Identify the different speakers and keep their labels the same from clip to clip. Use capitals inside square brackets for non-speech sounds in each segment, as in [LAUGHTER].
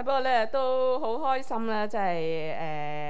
Speaker 1: 是不過咧都好開心啦。即係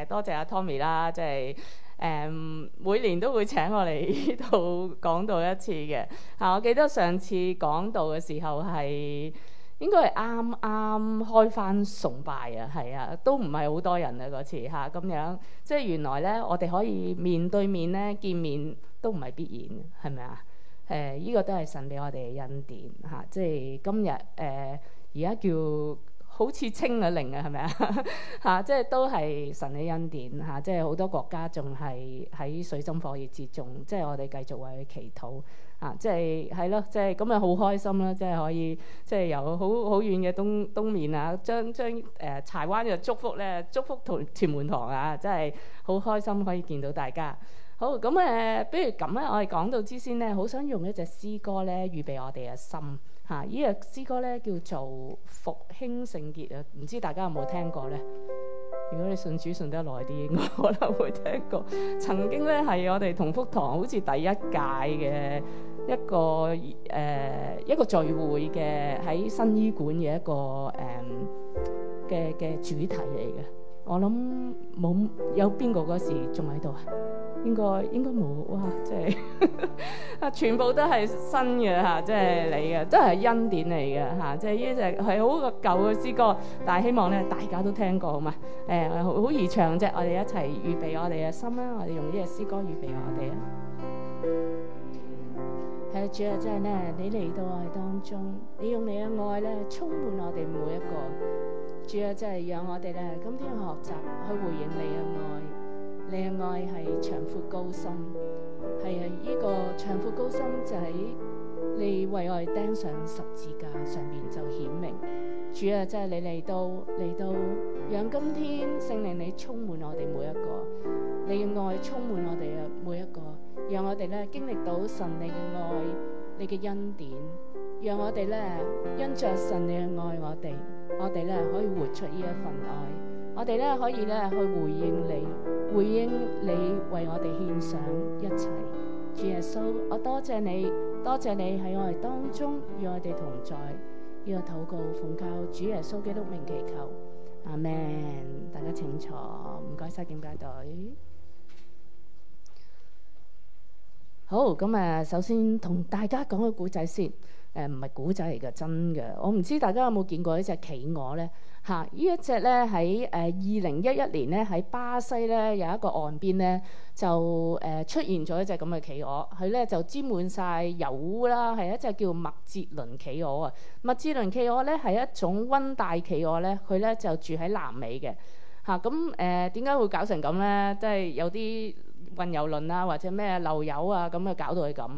Speaker 1: 誒多謝阿 Tommy 啦，即係誒每年都會請我嚟呢度講道一次嘅。嚇、啊，我記得上次講道嘅時候係應該係啱啱開返崇拜啊，係啊，都唔係好多人啊嗰次吓，咁樣，即係原來咧我哋可以面對面咧見面都唔係必然，係咪啊？誒，呢個都係神俾我哋嘅恩典嚇、啊，即係今日誒而家叫。好似清啊零嘅是 [LAUGHS] 啊，係咪啊？嚇，即係都係神嘅恩典嚇，即係好多國家仲係喺水深火熱之中，即係我哋繼續為佢祈禱啊！即係係咯，即係咁啊，好開心啦！即係可以，即係由好好遠嘅東東面啊，將將誒、呃、柴灣嘅祝福咧，祝福同屯門堂啊，真係好開心可以見到大家。好，咁誒、呃，不如咁啦，我哋講到之先咧，好想用一隻詩歌咧，預備我哋嘅心。啊！依個詩歌咧叫做《復興聖潔》啊，唔知大家有冇聽過咧？如果你信主信得耐啲，應該可能會聽過。曾經咧係我哋同福堂好似第一屆嘅一個誒、呃、一個聚會嘅喺新醫館嘅一個誒嘅嘅主題嚟嘅。我諗冇有邊個嗰時仲喺度啊？應該應該冇哇！即係啊，全部都係新嘅吓，即係你嘅，都係恩典嚟嘅吓。即係呢隻係好個舊嘅詩歌，但係希望咧，大家都聽過好嘛。誒，好、欸、好好易唱啫！我哋一齊預備我哋嘅心啦，我哋用呢隻詩歌預備我哋啦。係啊，主要真係咧，你嚟到我哋當中，你用你嘅愛咧，充滿我哋每一個。主要就係讓我哋咧，今天去學習去回應你嘅愛。你嘅愛係長闊高深，係啊，呢個長闊高深就喺你為愛釘上十字架上面就顯明。主要即係你嚟到嚟到，讓今天聖靈你充滿我哋每一個，你嘅愛充滿我哋嘅每一個，讓我哋咧經歷到神你嘅愛，你嘅恩典，讓我哋咧因着神你嘅愛我哋。我哋咧可以活出呢一份愛，我哋咧可以咧去回應你，回應你為我哋獻上一切。主耶穌，我多謝你，多謝你喺我哋當中與我哋同在。呢個禱告奉靠主耶穌基督名祈求，阿門。大家請坐，唔該晒監教隊。好，咁啊，首先同大家講個古仔先。誒唔係古仔嚟㗎，真嘅。我唔知大家有冇見過一隻企鵝咧嚇？依、啊、一隻咧喺誒二零一一年咧喺巴西咧有一個岸邊咧就誒、呃、出現咗一隻咁嘅企鵝，佢咧就沾滿晒油污啦。係一隻叫麥哲倫企鵝啊。麥哲倫企鵝咧係一種溫帶企鵝咧，佢咧就住喺南美嘅嚇。咁誒點解會搞成咁咧？即、就、係、是、有啲運油輪啊或者咩漏油啊咁啊搞到佢咁。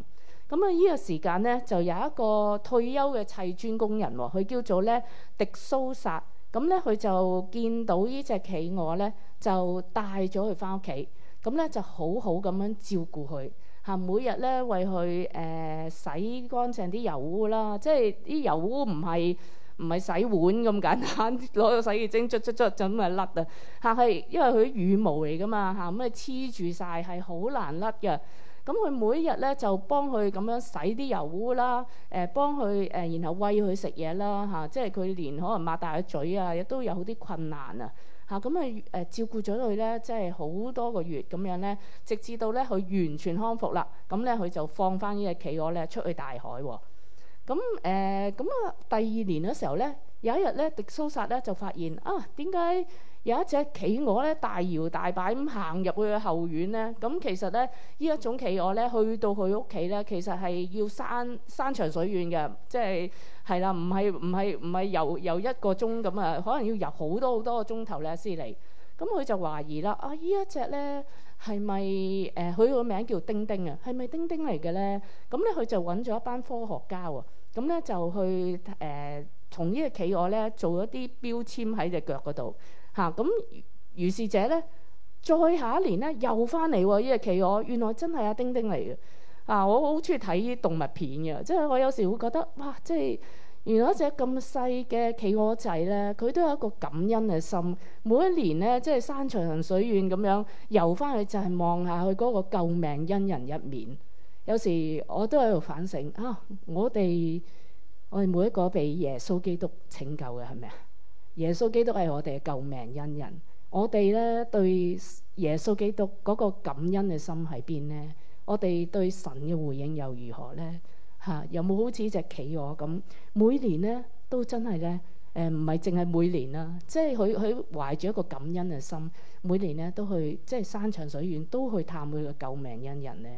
Speaker 1: 咁啊！呢個時間咧，就有一個退休嘅砌磚工人喎，佢、哦、叫做咧迪蘇薩。咁、嗯、咧，佢就見到呢隻企鵝咧，就帶咗佢翻屋企。咁、嗯、咧，就好好咁樣照顧佢嚇，每日咧為佢誒、呃、洗乾淨啲油污啦。即係啲油污唔係唔係洗碗咁簡單，攞個洗潔精捽捽捽就咁咪甩啊！但係因為佢啲羽毛嚟噶嘛嚇，咁啊黐住晒，係好難甩嘅。咁佢每日咧就幫佢咁樣洗啲油污啦，誒、呃、幫佢誒、呃、然後餵佢食嘢啦嚇、啊，即係佢連可能擘大個嘴啊，亦都有好啲困難啊嚇，咁啊誒、嗯呃、照顧咗佢咧，即係好多個月咁樣咧，直至到咧佢完全康復啦，咁咧佢就放翻呢隻企鵝咧出去大海喎、哦。咁誒咁啊、呃嗯、第二年嘅時候咧有一日咧迪蘇薩咧就發現啊點解？為什麼有一隻企鵝咧，大搖大擺咁行入去嘅後院咧。咁其實咧，呢一種企鵝咧，去到佢屋企咧，其實係要山山長水遠嘅，即係係啦，唔係唔係唔係遊遊一個鐘咁啊，可能要遊好多好多個鐘頭咧。先嚟。尼咁佢就懷疑啦啊，呢一隻咧係咪誒？佢個、呃、名叫丁丁啊，係咪丁丁嚟嘅咧？咁咧佢就揾咗一班科學家喎，咁、嗯、咧就去誒從呢隻企鵝咧做咗一啲標籤喺隻腳嗰度。咁、啊、如是者咧，再下一年咧又翻嚟喎，呢隻企鵝原來真係阿丁丁嚟嘅。啊，我好中意睇啲動物片嘅，即係我有時會覺得哇，即係原來一隻咁細嘅企鵝仔咧，佢都有一個感恩嘅心。每一年咧，即係山長水遠咁樣遊翻去，就係望下佢嗰個救命恩人一面。有時我都喺度反省啊，我哋我哋每一個被耶穌基督拯救嘅係咪啊？耶穌基督係我哋嘅救命恩人，我哋呢對耶穌基督嗰個感恩嘅心喺邊呢？我哋對神嘅回應又如何呢？吓、啊，有冇好似一隻企鵝咁？每年呢都真係呢，誒唔係淨係每年啦、啊，即係佢佢懷住一個感恩嘅心，每年呢都去即係山長水遠都去探佢嘅救命恩人呢。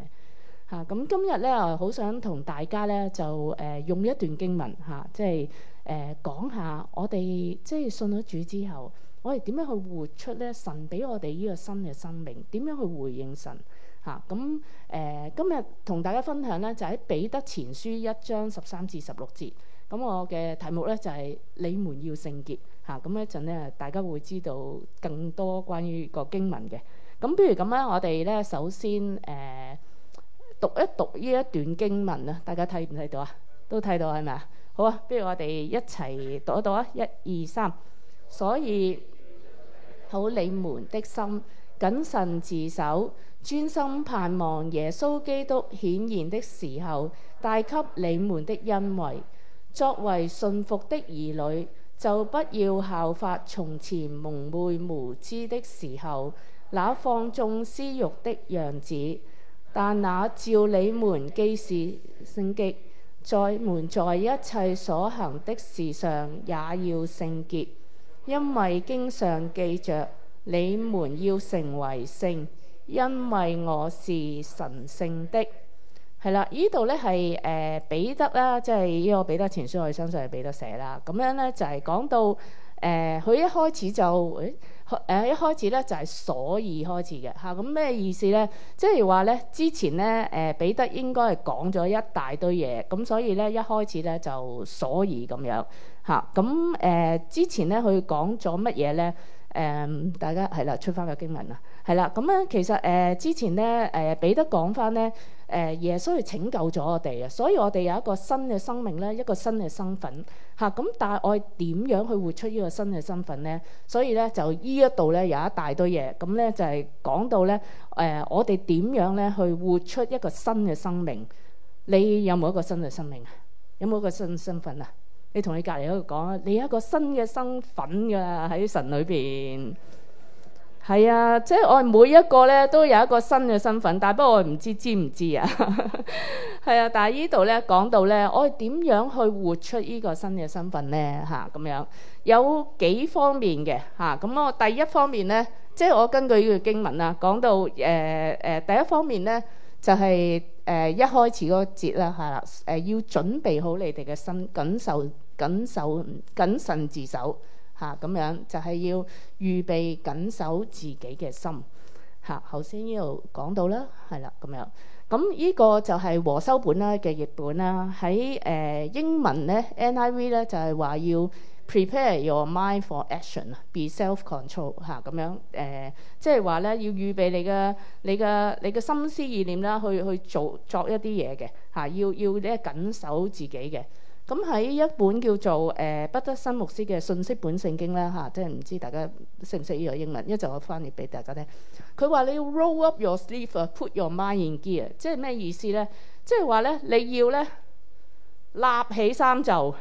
Speaker 1: 嚇咁、啊、今日咧，好想同大家咧就誒、呃、用一段經文嚇、啊，即係誒講下我哋即係信咗主之後，我哋點樣去活出咧神俾我哋呢個新嘅生命？點樣去回應神嚇咁誒？今日同大家分享咧，就喺彼得前書一章十三至十六節。咁我嘅題目咧就係、是、你們要聖潔嚇。咁、啊、一陣咧，大家會知道更多關於個經文嘅。咁，不如咁咧，我哋咧首先誒。呃讀一讀呢一段經文啊，大家睇唔睇到啊？都睇到係咪啊？好啊，不如我哋一齊讀一讀啊！一二三，所以好，你們的心謹慎自守，專心盼望耶穌基督顯現的時候，帶給你們的恩惠。作為信服的兒女，就不要效法從前蒙昧無知的時候，那放縱私欲的樣子。但那照你們既是聖潔，在們在一切所行的事上也要聖潔，因為經上記著，你們要成為聖，因為我是神聖的。係啦，呢度咧係誒彼得啦，即係呢個彼得前書我哋相信係彼得寫啦。咁樣咧就係講到誒，佢一開始就誒。誒、啊、一開始咧就係、是、所以開始嘅嚇，咁、啊、咩意思咧？即係話咧之前咧誒、呃、彼得應該係講咗一大堆嘢，咁、啊、所以咧一開始咧就所以咁樣嚇，咁、啊、誒、啊啊、之前咧佢講咗乜嘢咧？誒、啊、大家係啦，出翻個經文啦，係啦，咁、嗯、咧其實誒、呃、之前咧誒、呃、彼得講翻咧。誒耶穌去拯救咗我哋啊，所以我哋有一個新嘅生命咧，一個新嘅身份嚇。咁、啊、但係我點樣去活出呢個新嘅身份咧？所以咧就呢一度咧有一大堆嘢，咁、嗯、咧就係、是、講到咧誒、呃，我哋點樣咧去活出一個新嘅生命？你有冇一個新嘅生命啊？有冇一個新身份啊？你同你隔離喺度講啊，你有一個新嘅身份㗎喺神裏邊。係啊，即係我哋每一個咧都有一個新嘅身份，但係不過我唔知，知唔知啊？係 [LAUGHS] 啊，但係呢度咧講到咧，我哋點樣去活出呢個新嘅身份咧？吓、啊，咁樣有幾方面嘅吓，咁、啊、我第一方面咧，即係我根據呢個經文啊，講到誒誒、呃呃、第一方面咧就係、是、誒、呃、一開始嗰節啦，係、啊、啦，誒要準備好你哋嘅身，謹守謹守謹慎自守。嚇、咁、啊、樣就係、是、要預備緊守自己嘅心嚇，頭先呢度講到啦，係啦咁樣。咁、啊、呢、這個就係和修本啦嘅譯本啦、啊，喺誒、呃、英文咧 NIV 咧就係、是、話要 prepare your mind for action，be self-control 嚇、啊、咁樣誒、呃，即係話咧要預備你嘅你嘅你嘅心思意念啦，去去做作一啲嘢嘅嚇，要要咧緊守自己嘅。咁喺、嗯、一本叫做《誒、呃、不得生牧師》嘅信息本聖經啦嚇、啊，即係唔知大家識唔識呢個英文，一陣我翻譯俾大家聽。佢話你要 roll up your sleeve put your mind in gear，即係咩意思呢？即係話咧，你要咧立起衫袖，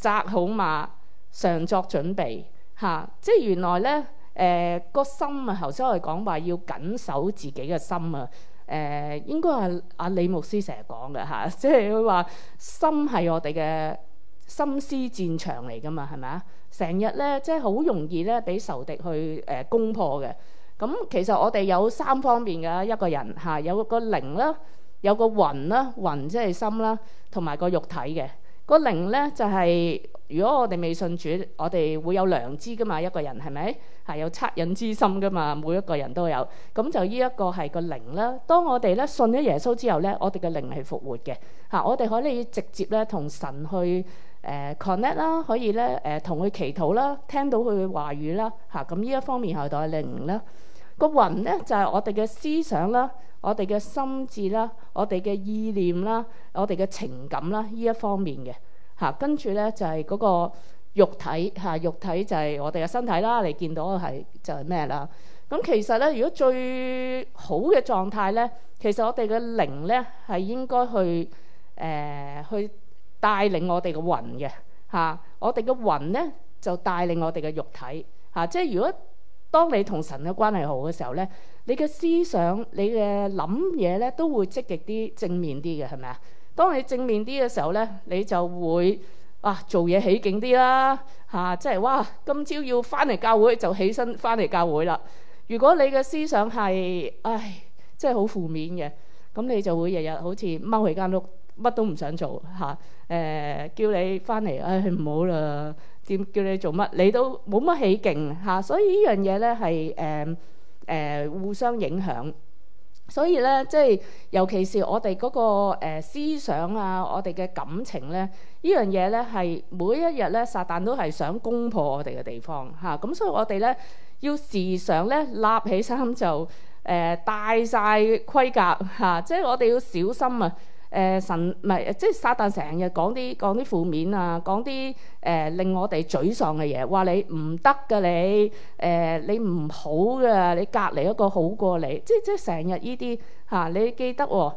Speaker 1: 紮好馬，常作準備嚇、啊。即係原來咧，誒、呃、個心啊，頭先我哋講話要緊守自己嘅心啊。誒、呃、應該係阿李牧師成日講嘅吓，即係佢話心係我哋嘅心思戰場嚟㗎嘛，係咪啊？成日咧即係好容易咧俾仇敵去誒攻破嘅。咁、嗯、其實我哋有三方面㗎，一個人嚇、啊、有個靈啦，有個魂啦，魂即係心啦，同埋個肉體嘅。個靈咧就係、是、如果我哋未信主，我哋會有良知噶嘛，一個人係咪係有惻隱之心噶嘛？每一個人都有，咁就呢一個係個靈啦。當我哋咧信咗耶穌之後咧，我哋嘅靈係復活嘅，嚇、啊、我哋可以直接咧同神去誒、呃、connect 啦，可以咧誒、呃、同佢祈禱啦，聽到佢嘅話語啦，嚇咁呢一方面係代靈啦。個魂咧就係、是、我哋嘅思想啦。我哋嘅心智啦，我哋嘅意念啦，我哋嘅情感啦，呢一方面嘅吓，跟住咧就係、是、嗰個肉體吓、啊，肉體就係我哋嘅身體啦，你見到係就係、是、咩啦？咁、啊、其實咧，如果最好嘅狀態咧，其實我哋嘅靈咧係應該去誒、呃、去帶領我哋嘅魂嘅吓，我哋嘅魂咧就帶領我哋嘅肉體吓、啊，即係如果。當你同神嘅關係好嘅時候呢，你嘅思想、你嘅諗嘢呢，都會積極啲、正面啲嘅，係咪啊？當你正面啲嘅時候呢，你就會啊做嘢起勁啲啦，嚇、啊！即係哇，今朝要翻嚟教會就起身翻嚟教會啦。如果你嘅思想係唉，即係好負面嘅，咁你就會日日好似踎喺間屋，乜都唔想做嚇。誒、啊呃，叫你翻嚟，唉、哎，唔好啦。點叫你做乜？你都冇乜起勁嚇、啊，所以這樣呢樣嘢呢係誒、誒互相影響。所以呢，即、就、係、是、尤其是我哋嗰、那個、呃、思想啊，我哋嘅感情呢，這樣呢樣嘢呢係每一日呢，撒旦都係想攻破我哋嘅地方嚇。咁、啊嗯、所以我哋呢，要時常呢立起身就誒帶曬盔甲嚇，即、呃、係、啊就是、我哋要小心啊！誒、呃、神唔係即係撒旦成日講啲講啲負面啊，講啲誒、呃、令我哋沮喪嘅嘢，話你唔得嘅你，誒、呃、你唔好嘅，你隔離一個好過你，即係即係成日依啲嚇。你記得喎、哦，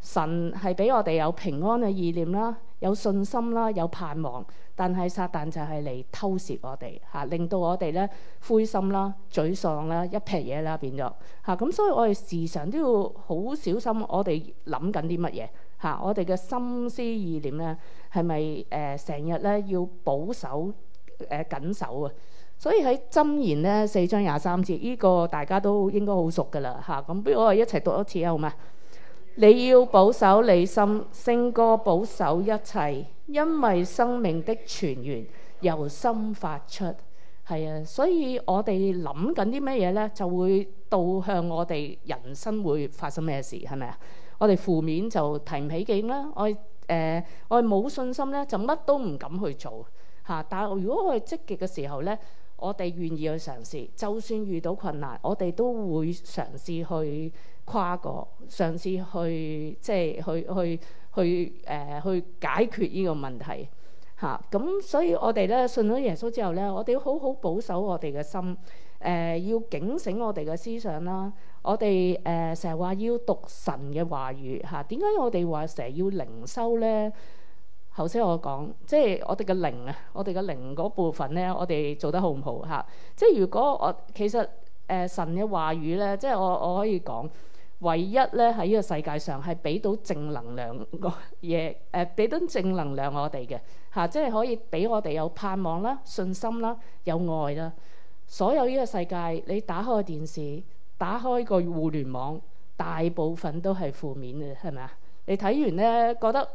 Speaker 1: 神係俾我哋有平安嘅意念啦，有信心啦，有盼望。但係撒旦就係嚟偷竊我哋嚇、啊，令到我哋咧灰心啦、沮喪啦、一撇嘢啦變，變咗嚇。咁、嗯、所以我哋時常都要好小心我，我哋諗緊啲乜嘢。嚇、啊！我哋嘅心思意念咧，係咪誒成日咧要保守誒、呃、緊守啊？所以喺箴言咧四章廿三節，呢、這個大家都應該好熟噶啦嚇。咁、啊、不如我哋一齊讀一次啊，好嘛？你要保守你心，勝過保守一切，因為生命的泉源由心發出。係啊，所以我哋諗緊啲咩嘢咧，就會導向我哋人生會發生咩事，係咪啊？我哋負面就提唔起勁啦，我誒、呃、我哋冇信心咧，就乜都唔敢去做嚇、啊。但係如果我係積極嘅時候咧，我哋願意去嘗試，就算遇到困難，我哋都會嘗試去跨過，嘗試去即係去去去誒、呃、去解決呢個問題嚇。咁、啊、所以我哋咧信咗耶穌之後咧，我哋要好好保守我哋嘅心，誒、呃、要警醒我哋嘅思想啦。我哋誒成日話要讀神嘅話語嚇，啊，點解我哋話成日要靈修呢？頭先我講即係我哋嘅靈啊，我哋嘅靈嗰部分呢，我哋做得好唔好嚇、啊？即係如果我其實誒、呃、神嘅話語呢，即係我我可以講唯一呢喺呢個世界上係俾到正能量個嘢誒，啊，俾到正能量我哋嘅嚇，即係可以俾我哋有盼望啦、信心啦、有愛啦。所有呢個世界，你打開個電視。打開個互聯網，大部分都係負面嘅，係咪啊？你睇完咧，覺得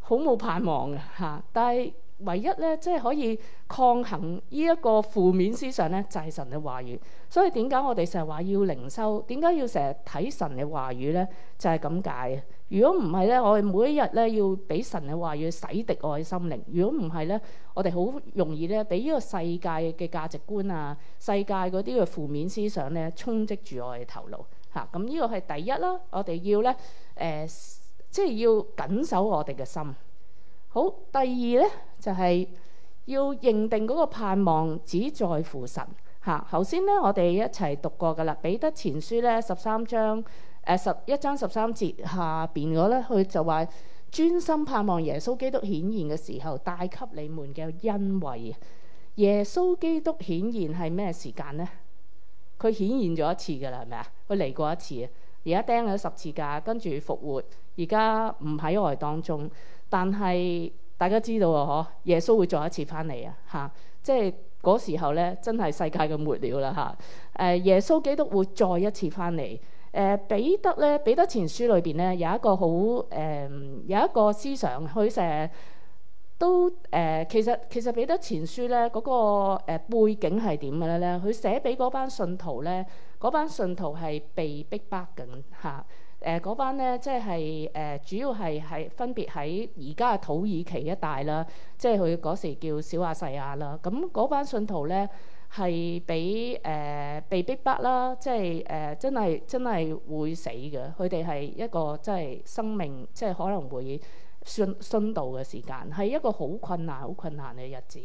Speaker 1: 好冇盼望嘅吓、啊。但係唯一咧，即係可以抗衡呢一個負面思想咧，就係、是、神嘅話語。所以點解我哋成日話要靈修？點解要成日睇神嘅話語咧？就係咁解。如果唔係咧，我哋每一日咧要俾神嘅話要洗滌我嘅心靈。如果唔係咧，我哋好容易咧俾呢個世界嘅價值觀啊、世界嗰啲嘅負面思想咧充斥住我哋頭腦。嚇、啊，咁呢個係第一啦。我哋要咧誒、呃，即係要緊守我哋嘅心。好，第二咧就係要認定嗰個盼望只在乎神。嚇、啊，頭先咧我哋一齊讀過㗎啦，《彼得前書》咧十三章。誒、呃、十、一章十三節下邊咧，佢就話專心盼望耶穌基督顯現嘅時候，帶給你們嘅恩惠。耶穌基督顯現係咩時間呢？佢顯現咗一次嘅啦，係咪啊？佢嚟過一次，而家釘咗十字架，跟住復活，而家唔喺我哋當中。但係大家知道啊，嗬，耶穌會再一次翻嚟啊，嚇！即係嗰時候咧，真係世界嘅末了啦，嚇、啊！誒、呃，耶穌基督會再一次翻嚟。誒，彼得咧，彼得、呃、前書裏邊咧有一個好誒、呃，有一個思想，佢成日都誒、呃、其實其實彼得前書咧嗰、那個背景係點嘅咧？咧佢寫俾嗰班信徒咧，嗰班信徒係被逼迫緊嚇。誒嗰班咧即係誒、呃、主要係係分別喺而家嘅土耳其一帶啦，即係佢嗰時叫小亞細亞啦。咁嗰班信徒咧。係俾誒被逼迫啦，即係誒、呃、真係真係會死嘅。佢哋係一個即係生命，即係可能會殉殉道嘅時間，係一個好困難、好困難嘅日子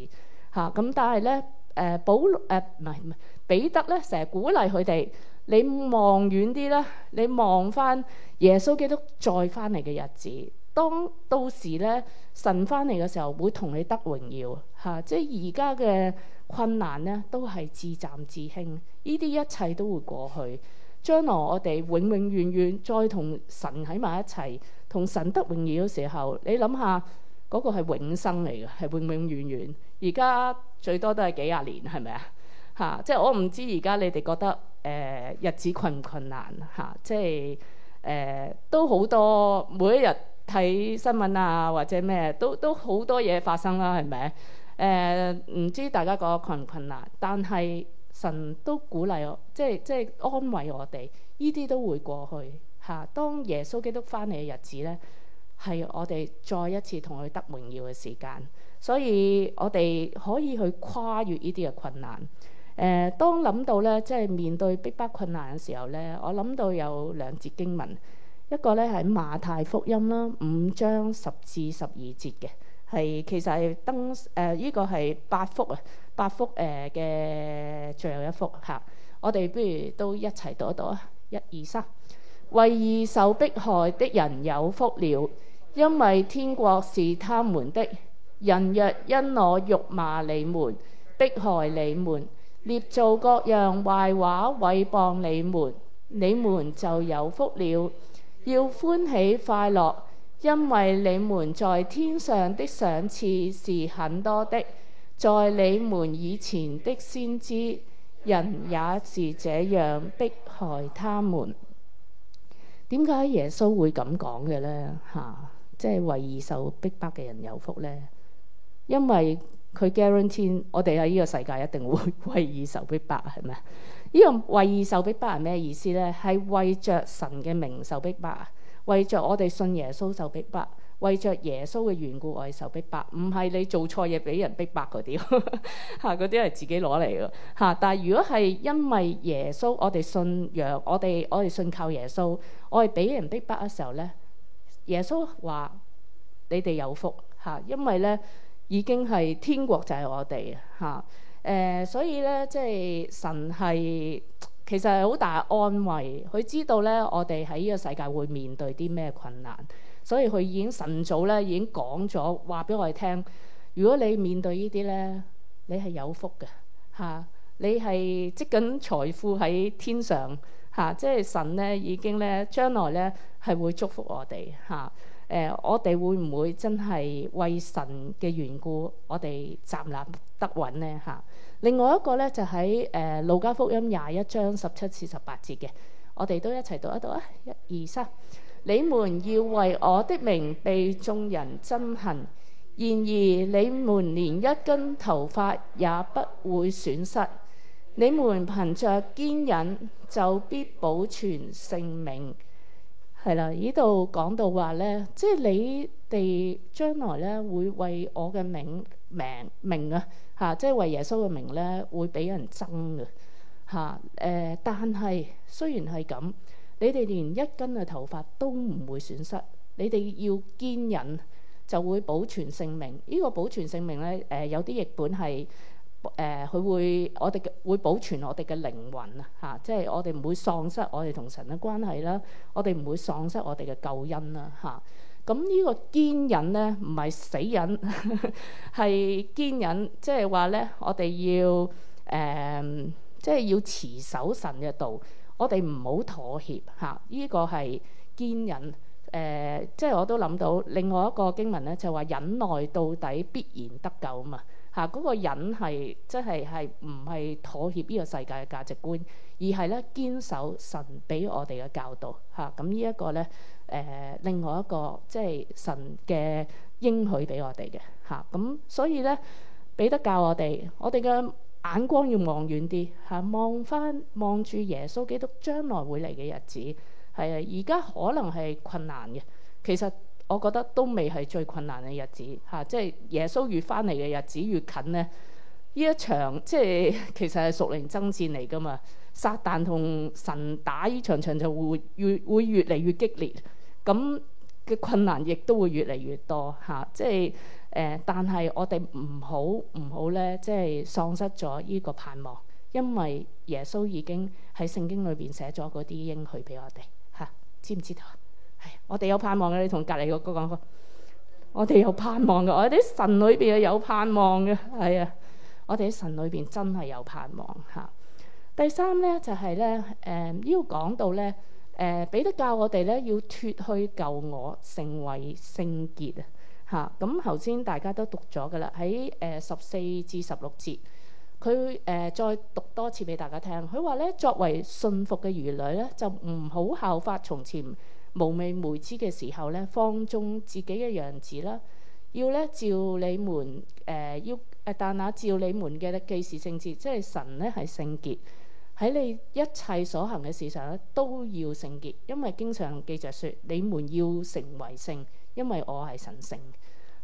Speaker 1: 嚇。咁、啊、但係咧誒保誒唔係唔係彼得咧，成日鼓勵佢哋，你望遠啲啦，你望翻耶穌基督再翻嚟嘅日子。當到時咧，神翻嚟嘅時候，會同你得榮耀嚇、啊。即係而家嘅困難咧，都係至暫至輕。呢啲一切都會過去。將來我哋永永遠遠再同神喺埋一齊，同神得榮耀嘅時候，你諗下嗰個係永生嚟嘅，係永永遠遠。而家最多都係幾廿年，係咪啊？嚇！即係我唔知而家你哋覺得誒、呃、日子困唔困難嚇、啊。即係誒、呃、都好多每一日。睇新聞啊，或者咩都都好多嘢發生啦，係咪？誒、呃、唔知大家覺得困唔困難，但係神都鼓勵我，即係即係安慰我哋，呢啲都會過去嚇、啊。當耶穌基督翻嚟嘅日子咧，係我哋再一次同佢得榮耀嘅時間，所以我哋可以去跨越呢啲嘅困難。誒、呃，當諗到咧，即係面對逼迫困難嘅時候咧，我諗到有兩節經文。一個咧係馬太福音啦，五章十至十二節嘅係其實係登誒呢個係八福啊，八福誒嘅最後一福嚇。我哋不如都一齊讀一讀啊！一二三，為義受迫害的人有福了，因為天國是他們的。人若因我辱罵你們、迫害你們、捏造各樣壞話毀謗你們，你們就有福了。要歡喜快樂，因為你們在天上的賞賜是很多的。在你們以前的先知人也是這樣迫害他們。點解耶穌會咁講嘅呢？吓、啊，即係為義受逼迫嘅人有福呢？因為佢 guarantee 我哋喺呢個世界一定會為義受逼迫係咪？是呢個為義受逼迫係咩意思呢？係為着神嘅名受逼迫，為着我哋信耶穌受逼迫，為着耶穌嘅緣故我哋受逼迫。唔係你做錯嘢俾人逼迫嗰啲，嚇嗰啲係自己攞嚟嘅嚇。但係如果係因為耶穌，我哋信仰，我哋我哋信靠耶穌，我哋俾人逼迫嘅時候呢，耶穌話你哋有福嚇，因為呢已經係天國就係，就係我哋嚇。誒、呃，所以咧，即係神係其實係好大的安慰，佢知道咧，我哋喺呢個世界會面對啲咩困難，所以佢已經晨早咧已經講咗話俾我哋聽。如果你面對這些呢啲咧，你係有福嘅嚇、啊，你係積緊財富喺天上嚇、啊，即係神咧已經咧將來咧係會祝福我哋嚇。誒、啊呃，我哋會唔會真係為神嘅緣故，我哋站立得穩咧嚇？啊另外一個咧就喺誒《路加福音》廿一章十七至十八節嘅，我哋都一齊讀一讀啊！一、二、三，你們要為我的名被眾人憎恨，然而你們連一根頭髮也不會損失。你們憑着堅忍就必保存性命。係啦，呢度講到話呢，即係你哋將來呢，會為我嘅名名名啊嚇，即係為耶穌嘅名呢，會俾人憎嘅嚇誒。但係雖然係咁，你哋連一根嘅頭髮都唔會損失，你哋要堅忍就會保存性命。呢、呢個保存性命呢，誒、呃，有啲譯本係。誒佢、呃、會，我哋嘅會保存我哋嘅靈魂啊，嚇！即係我哋唔會喪失我哋同神嘅關係啦，我哋唔會喪失我哋嘅救恩啦，嚇、啊！咁、嗯這個、呢個堅忍咧，唔係死忍，係 [LAUGHS] 堅忍，即係話咧，我哋要誒、呃，即係要持守神嘅道，我哋唔好妥協嚇。呢、啊這個係堅忍，誒、啊，即係我都諗到另外一個經文咧，就話、是、忍耐到底必然得救啊嘛。嚇！嗰、啊那個人係真係係唔係妥協呢個世界嘅價值觀，而係咧堅守神俾我哋嘅教導。嚇、啊！咁、嗯這個、呢一個咧，誒、呃，另外一個即係神嘅應許俾我哋嘅。嚇、啊！咁、嗯、所以咧，彼得教我哋，我哋嘅眼光要望遠啲，嚇、啊，望翻望住耶穌基督將來會嚟嘅日子。係啊，而家可能係困難嘅，其實。我覺得都未係最困難嘅日子，嚇、啊！即係耶穌越翻嚟嘅日子越近呢。呢一場即係其實係屬靈爭戰嚟噶嘛，撒旦同神打呢場場就會越會越嚟越激烈，咁嘅困難亦都會越嚟越多，嚇、啊！即係誒、呃，但係我哋唔好唔好咧，即係喪失咗呢個盼望，因為耶穌已經喺聖經裏邊寫咗嗰啲應許俾我哋，嚇、啊，知唔知道？哎、我哋有盼望嘅，你同隔籬嗰個講過，我哋有盼望嘅。我哋啲神裏邊有盼望嘅，係啊，我哋喺神裏邊真係有盼望吓、啊。第三呢，就係、是、呢，誒要講到呢，誒、呃、彼得教我哋呢，要脫去舊我，成為聖潔啊吓。咁頭先大家都讀咗噶啦，喺誒、呃、十四至十六節，佢誒、呃、再讀多次俾大家聽。佢話呢，作為信服嘅兒女呢，就唔好效法從前。無味無知嘅時候咧，放縱自己嘅樣子啦，要咧召你們誒、呃，要誒，但那召你們嘅既是聖潔，即係神咧係聖潔，喺你一切所行嘅事上咧都要聖潔，因為經常記着說，你們要成為聖，因為我係神聖，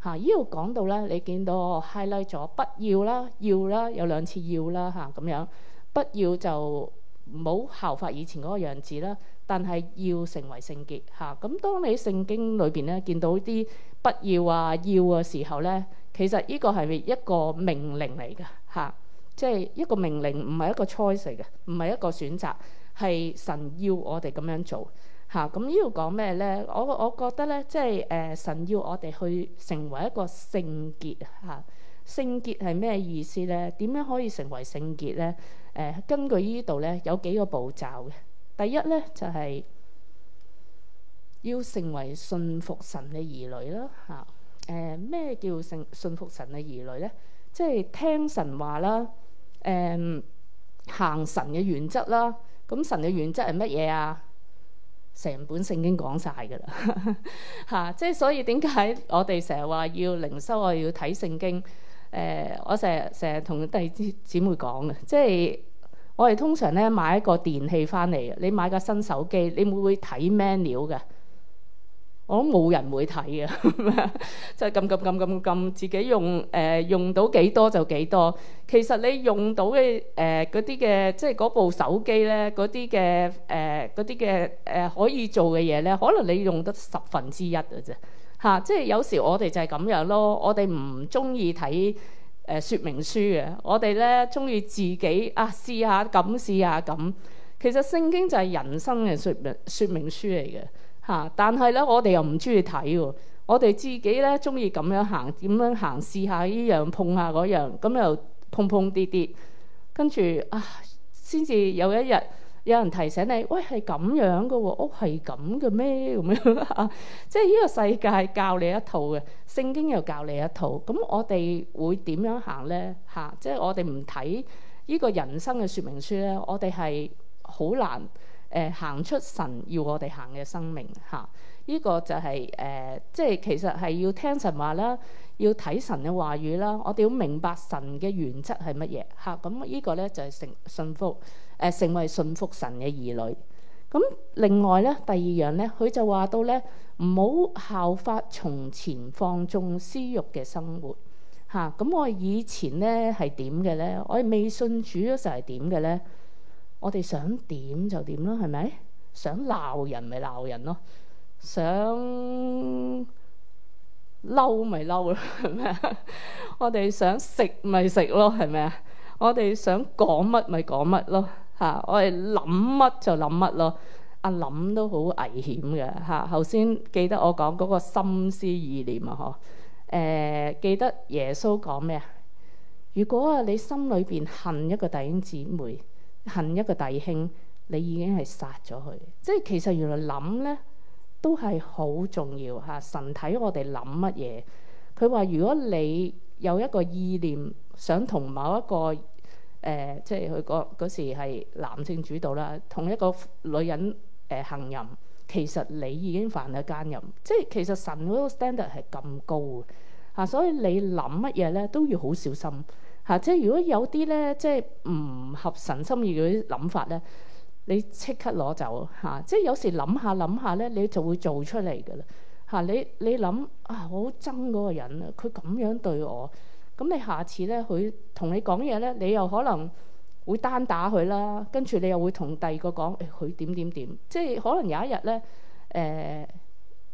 Speaker 1: 吓、啊。呢度講到咧，你見到我 highlight 咗，不要啦，要啦，有兩次要啦，吓、啊、咁樣，不要就。唔好效法以前嗰個樣子啦，但係要成為聖潔嚇。咁當你喺聖經裏邊咧見到啲不要啊、要嘅時候咧，其實呢個係一個命令嚟嘅嚇，即係一個命令，唔係一個 choice 嚟嘅，唔係一個選擇，係神要我哋咁樣做嚇。咁呢度講咩咧？我我覺得咧，即係誒神要我哋去成為一個聖潔嚇。聖潔係咩意思呢？點樣可以成為聖潔呢、呃？根據呢度呢，有幾個步驟嘅。第一呢，就係、是、要成為信服神嘅兒女啦。嚇、呃，咩叫信信服神嘅兒女呢？即係聽神話啦，誒行神嘅原則啦。咁神嘅原則係乜嘢啊？成本聖經講晒㗎啦，嚇！即係所以點解我哋成日話要靈修，我要睇聖經。誒、呃，我成日成日同弟啲姊妹講嘅，即係我哋通常咧買一個電器翻嚟，你買個新手機，你會唔會睇 manual 嘅？我諗冇人會睇嘅，即係撳撳撳撳撳，自己用誒、呃、用到幾多就幾多。其實你用到嘅誒嗰啲嘅，即係嗰部手機咧，嗰啲嘅誒啲嘅誒可以做嘅嘢咧，可能你用得十分之一嘅啫。嚇、啊！即係有時我哋就係咁樣咯，我哋唔中意睇誒說明書嘅，我哋咧中意自己啊試下咁試下咁。其實聖經就係人生嘅説明說明書嚟嘅嚇，但係咧我哋又唔中意睇喎，我哋自己咧中意咁樣行，點樣行，試下呢樣，碰下嗰樣，咁又碰碰跌跌，跟住啊先至有一日。有人提醒你，喂，係咁樣嘅喎、哦，屋係咁嘅咩？咁 [LAUGHS] 樣即係呢個世界教你一套嘅，聖經又教你一套。咁我哋會點樣行呢？嚇、啊，即係我哋唔睇呢個人生嘅説明書呢，我哋係好難誒、呃、行出神要我哋行嘅生命嚇。呢、啊這個就係、是、誒、呃，即係其實係要聽神話啦，要睇神嘅話語啦。我哋要明白神嘅原則係乜嘢嚇。咁、啊、呢、這個呢，就係、是、成信福。信誒成為信服神嘅兒女。咁另外咧，第二樣咧，佢就話到咧，唔好效法從前放縱私欲嘅生活嚇。咁、啊嗯、我以前咧係點嘅咧？我哋未信主嗰時係點嘅咧？我哋想點就點咯，係咪？想鬧人咪鬧人咯，想嬲咪嬲咯，係咪啊？我哋想食咪食咯，係咪啊？我哋想講乜咪講乜咯。嚇！我係諗乜就諗乜咯。阿諗都好危險嘅嚇。頭先記得我講嗰個心思意念啊嗬。誒，記得耶穌講咩啊？如果啊你心裏邊恨一個弟兄姊妹、恨一個弟兄，你已經係殺咗佢。即係其實原來諗呢都係好重要嚇。神睇我哋諗乜嘢。佢話：如果你有一個意念想同某一個誒、呃，即係佢嗰嗰時係男性主導啦，同一個女人誒、呃、行淫，其實你已經犯咗奸淫。即係其實神嗰個 standard 係咁高嘅、啊、所以你諗乜嘢咧都要好小心嚇、啊。即係如果有啲咧，即係唔合神心意嗰啲諗法咧，你即刻攞走嚇、啊。即係有時諗下諗下咧，你就會做出嚟㗎啦嚇。你你諗啊，我好憎嗰個人啊，佢咁樣對我。咁你下次咧，佢同你講嘢咧，你又可能會單打佢啦，跟住你又會同第二個講，誒，佢點點點，即係可能有一日咧，誒、呃、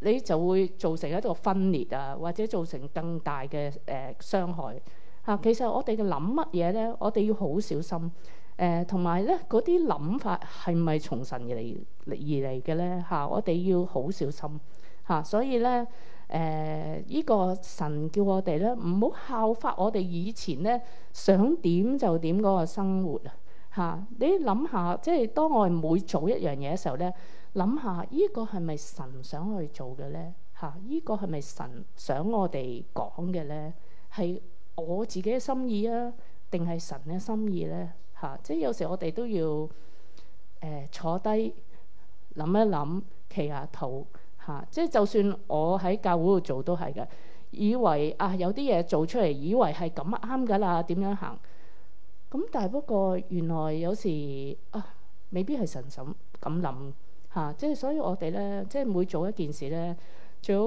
Speaker 1: 你就會造成一個分裂啊，或者造成更大嘅誒、呃、傷害嚇、啊。其實我哋嘅諗乜嘢咧，我哋要好小心誒，同埋咧嗰啲諗法係咪從神而而嚟嘅咧嚇？我哋要好小心嚇、啊，所以咧。誒依、呃呢個神叫我哋咧，唔好效法我哋以前咧想點就點嗰個生活啊！嚇，你諗下，即係當我哋每做一樣嘢嘅時候咧，諗下呢個係咪神想去做嘅咧？嚇，依個係咪神想我哋講嘅咧？係、啊這個、我，我自己嘅心意啊，定係神嘅心意咧？嚇、啊，即係有時候我哋都要誒、呃、坐低諗一諗，祈下禱。嚇、啊！即係，就算我喺教會度做都係嘅，以為啊有啲嘢做出嚟，以為係咁啱㗎啦。點樣行咁？但係不過原來有時啊，未必係神神咁諗嚇。即係所以我哋咧，即係每做一件事咧，最好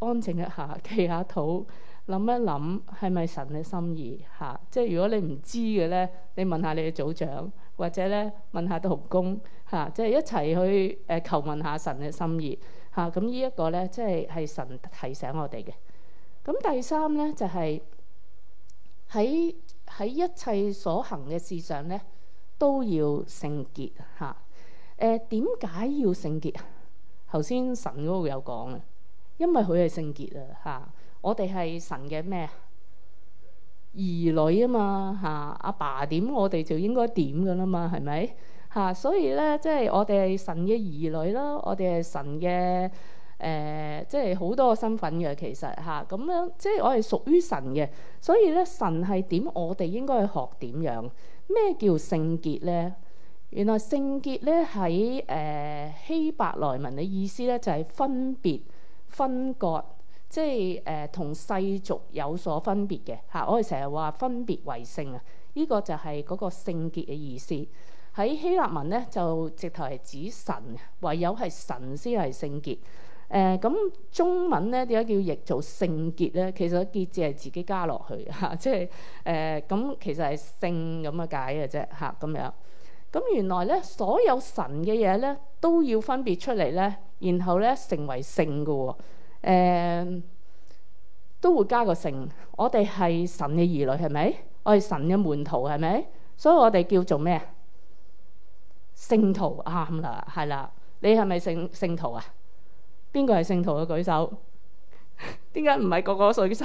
Speaker 1: 安靜一下，企下肚，諗一諗係咪神嘅心意嚇、啊。即係如果你唔知嘅咧，你問下你嘅組長或者咧問下同工嚇、啊，即係一齊去誒、呃、求問下神嘅心意。啊，咁呢一個咧，即係係神提醒我哋嘅。咁、啊、第三咧就係喺喺一切所行嘅事上咧，都要聖潔。吓，誒，點解要聖潔啊？頭、呃、先神嗰度有講嘅，因為佢係聖潔啊。吓，我哋係神嘅咩兒女啊嘛。吓、啊，阿爸點我哋就應該點噶啦嘛，係咪？嚇、啊，所以咧，即係我哋係神嘅兒女咯。我哋係神嘅誒、呃，即係好多個身份嘅其實吓，咁、啊、樣。即係我係屬於神嘅，所以咧，神係點，我哋應該去學點樣咩叫聖潔咧？原來聖潔咧喺誒希伯來文嘅意思咧，就係、是、分別分割，即係誒、呃、同世俗有所分別嘅嚇、啊。我哋成日話分別為聖啊，依、這個就係嗰個聖潔嘅意思。喺希臘文咧就直頭係指神，唯有係神先係聖潔。誒、呃、咁中文咧點解叫譯做聖潔咧？其實個結字係自己加落去嚇，即係誒咁。呃、其實係聖咁嘅解嘅啫嚇咁樣。咁原來咧所有神嘅嘢咧都要分別出嚟咧，然後咧成為聖嘅誒、呃、都會加個聖。我哋係神嘅兒女係咪？我哋係神嘅門徒係咪？所以我哋叫做咩？聖徒，啱啦，係啦，你係咪聖聖徒啊？邊個係聖徒嘅舉手？點解唔係個個稅收？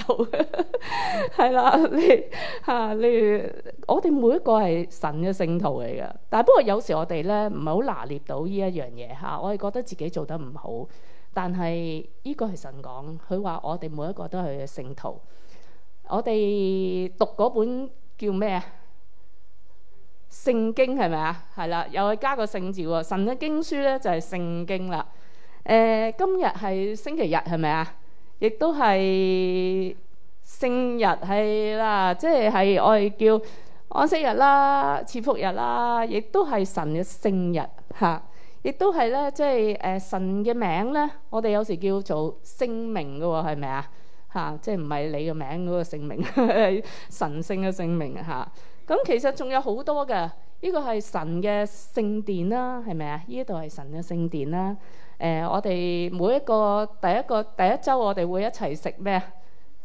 Speaker 1: 係啦，你嚇，你，我哋每一個係神嘅聖徒嚟嘅，但係不過有時我哋咧唔係好拿捏到呢一樣嘢嚇，我係覺得自己做得唔好，但係呢個係神講，佢話我哋每一個都係聖徒。我哋讀嗰本叫咩啊？聖經係咪啊？係啦，又係加個聖字喎、哦。神嘅經書咧就係、是、聖經啦。誒、呃，今日係星期日係咪啊？亦都係聖日係啦，即係係我哋叫安息日啦、賜福日啦，亦都係神嘅聖日吓，亦、啊、都係咧，即係誒神嘅名咧，我哋有時叫做聖名噶喎，係咪啊？吓、就是，即係唔係你嘅名嗰個聖名，神聖嘅聖名吓。啊咁其實仲有好多嘅，呢、這個係神嘅聖殿啦，係咪啊？呢一度係神嘅聖殿啦。誒、呃，我哋每一個第一個第一週，我哋會一齊食咩啊？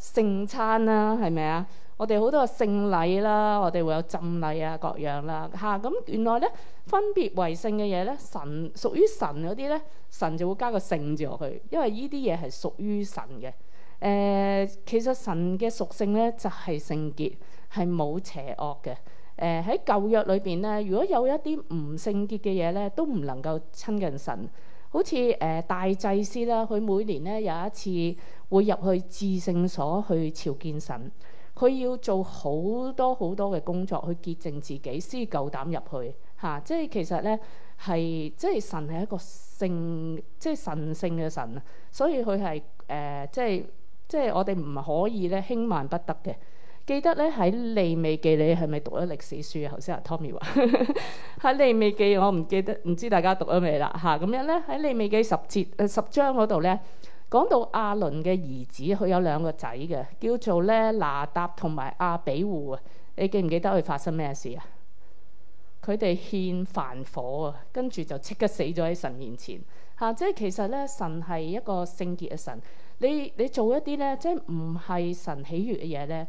Speaker 1: 聖餐啦，係咪啊？我哋好多聖禮啦，我哋會有浸禮啊，各樣啦嚇。咁、啊、原來咧，分別為聖嘅嘢咧，屬於神屬於神嗰啲咧，神就會加個聖字落去，因為呢啲嘢係屬於神嘅。誒、呃，其實神嘅屬性咧就係聖潔，係冇邪惡嘅。誒喺舊約裏邊咧，如果有一啲唔聖潔嘅嘢咧，都唔能夠親近神。好似誒、呃、大祭司啦，佢每年咧有一次會入去至聖所去朝見神，佢要做好多好多嘅工作去潔淨自己，先夠膽入去嚇。即係其實咧係即係神係一個聖即係神聖嘅神啊，所以佢係誒即係。即係我哋唔可以咧輕慢不得嘅。記得咧喺利未記，你係咪讀咗歷史書啊？頭先阿 Tommy 話喺 [LAUGHS] 利未記，我唔記得，唔知大家讀咗未啦嚇。咁樣咧喺利未記十節誒十章嗰度咧，講到亞倫嘅兒子，佢有兩個仔嘅，叫做咧拿達同埋亞比戶啊。你記唔記得佢發生咩事啊？佢哋獻凡火啊，跟住就即刻死咗喺神面前嚇。即係其實咧，神係一個聖潔嘅神。你你做一啲咧，即係唔係神喜悅嘅嘢咧，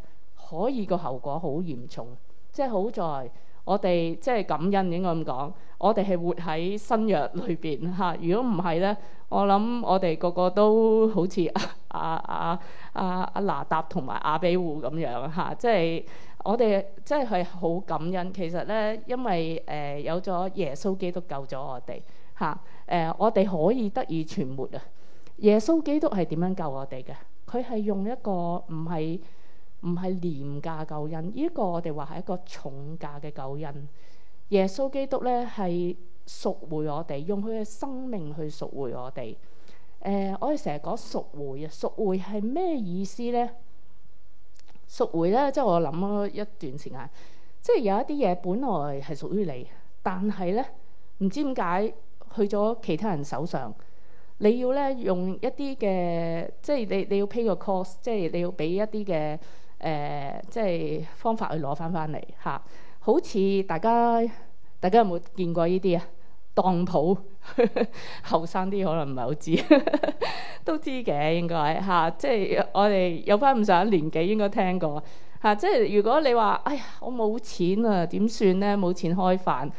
Speaker 1: 可以個後果好嚴重。即係好在我哋即係感恩，應該咁講。我哋係活喺新約裏邊嚇。如果唔係咧，我諗我哋個個都好似阿阿阿阿阿拿達同埋亞比戶咁樣嚇、啊。即係我哋即係係好感恩。其實咧，因為誒、呃、有咗耶穌基督救咗我哋嚇。誒、啊呃，我哋可以得以存活啊！耶穌基督係點樣救我哋嘅？佢係用一個唔係唔係廉價救恩，呢、這個我哋話係一個重價嘅救恩。耶穌基督咧係贖回我哋，用佢嘅生命去贖回我哋。誒、呃，我哋成日講贖回啊，贖回係咩意思呢？呢「贖回咧，即係我諗咗一段時間，即、就、係、是、有一啲嘢本來係屬於你，但係咧唔知點解去咗其他人手上。你要咧用一啲嘅，即係你你要 pay 個 course，即係你要俾一啲嘅誒，即係方法去攞翻翻嚟嚇。好似大家大家有冇見過呢啲啊？當鋪，後生啲可能唔係好知， [LAUGHS] 都知嘅應該嚇。即係我哋有翻咁上下年紀應該聽過嚇。即係如果你話哎呀我冇錢啊點算咧？冇錢開飯。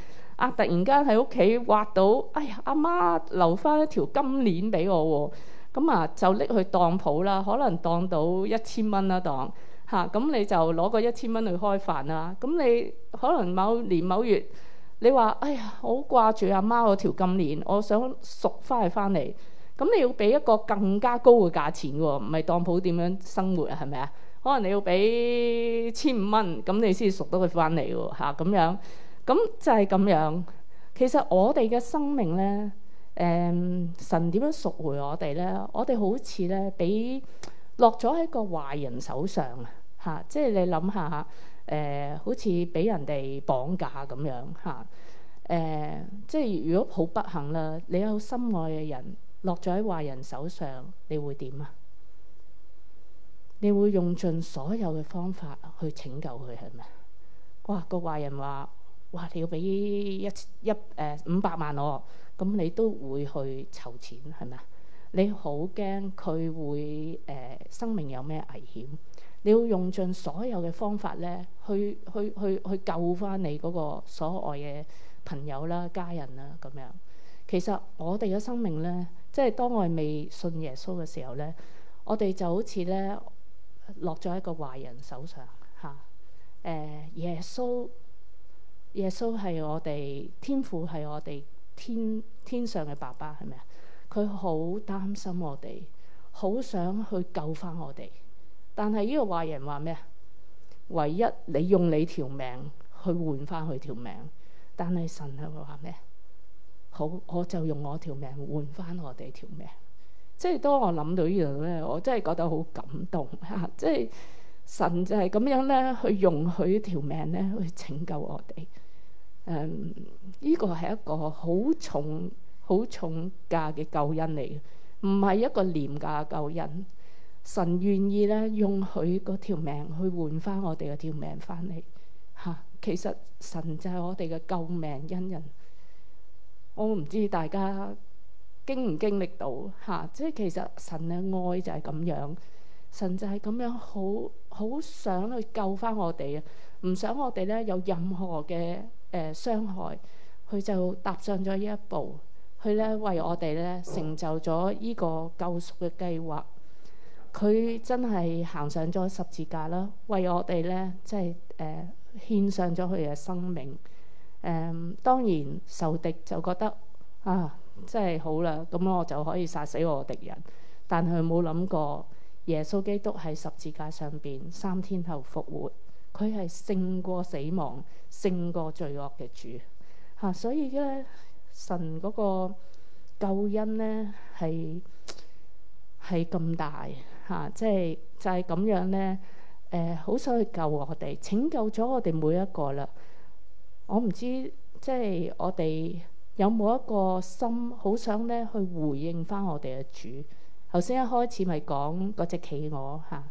Speaker 1: 啊！突然間喺屋企挖到，哎呀！阿媽留翻一條金鏈俾我喎，咁啊就拎去當鋪啦，可能當到一千蚊啦當，吓、啊，咁你就攞個一千蚊去開飯啦。咁、啊、你可能某年某月你說，你話哎呀好掛住阿媽嗰條金鏈，我想贖翻佢翻嚟，咁、啊、你要俾一個更加高嘅價錢喎，唔、啊、係當鋪點樣生活啊？係咪啊？可能你要俾千五蚊，咁你先贖到佢翻嚟喎，嚇、啊、咁樣。咁、嗯、就係、是、咁樣。其實我哋嘅生命咧，誒、嗯、神點樣贖回我哋咧？我哋好似咧俾落咗喺個壞人手上啊！嚇、啊啊啊，即係你諗下誒，好似俾人哋綁架咁樣嚇誒，即係如果好不幸啦，你有心愛嘅人落咗喺壞人手上，你會點啊？你會用盡所有嘅方法去拯救佢係咪？哇！個壞人話。哇！你要俾一一誒、呃、五百萬我、哦，咁、嗯、你都會去籌錢係咪啊？你好驚佢會誒、呃、生命有咩危險？你要用盡所有嘅方法咧，去去去去救翻你嗰個所愛嘅朋友啦、家人啦咁樣。其實我哋嘅生命咧，即係當我哋未信耶穌嘅時候咧，我哋就好似咧落咗喺個壞人手上嚇誒、呃、耶穌。耶穌係我哋天父是天，係我哋天天上嘅爸爸，係咪啊？佢好擔心我哋，好想去救翻我哋。但係呢個壞人話咩？唯一你用你條命去換翻佢條命，但係神係會話咩？好，我就用我條命換翻我哋條命。即係當我諗到呢樣咧，我真係覺得好感動吓，即係。神就係咁樣咧，去容許條命咧，去拯救我哋。嗯，呢個係一個好重、好重價嘅救恩嚟，唔係一個廉價嘅救恩。神願意咧，用佢嗰條命去換翻我哋嘅條命翻嚟。吓，其實神就係我哋嘅救命恩人。我唔知大家經唔經歷到吓，即係其實神嘅愛就係咁樣。神就係咁樣，好好想去救翻我哋啊！唔想我哋咧有任何嘅誒、呃、傷害，佢就踏上咗呢一步，佢咧為我哋咧成就咗呢個救贖嘅計劃。佢真係行上咗十字架啦，為我哋咧即係誒獻上咗佢嘅生命。誒、呃、當然仇敵就覺得啊，真係好啦，咁我就可以殺死我嘅敵人，但係冇諗過。耶穌基督喺十字架上邊，三天後復活，佢係勝過死亡、勝過罪惡嘅主，吓、啊，所以咧神嗰個救恩呢係係咁大吓，即、啊、係就係、是、咁、就是、樣呢。誒、呃，好想去救我哋，拯救咗我哋每一個啦。我唔知即係、就是、我哋有冇一個心好想咧去回應翻我哋嘅主。頭先一開始咪講嗰隻企鵝嚇、啊，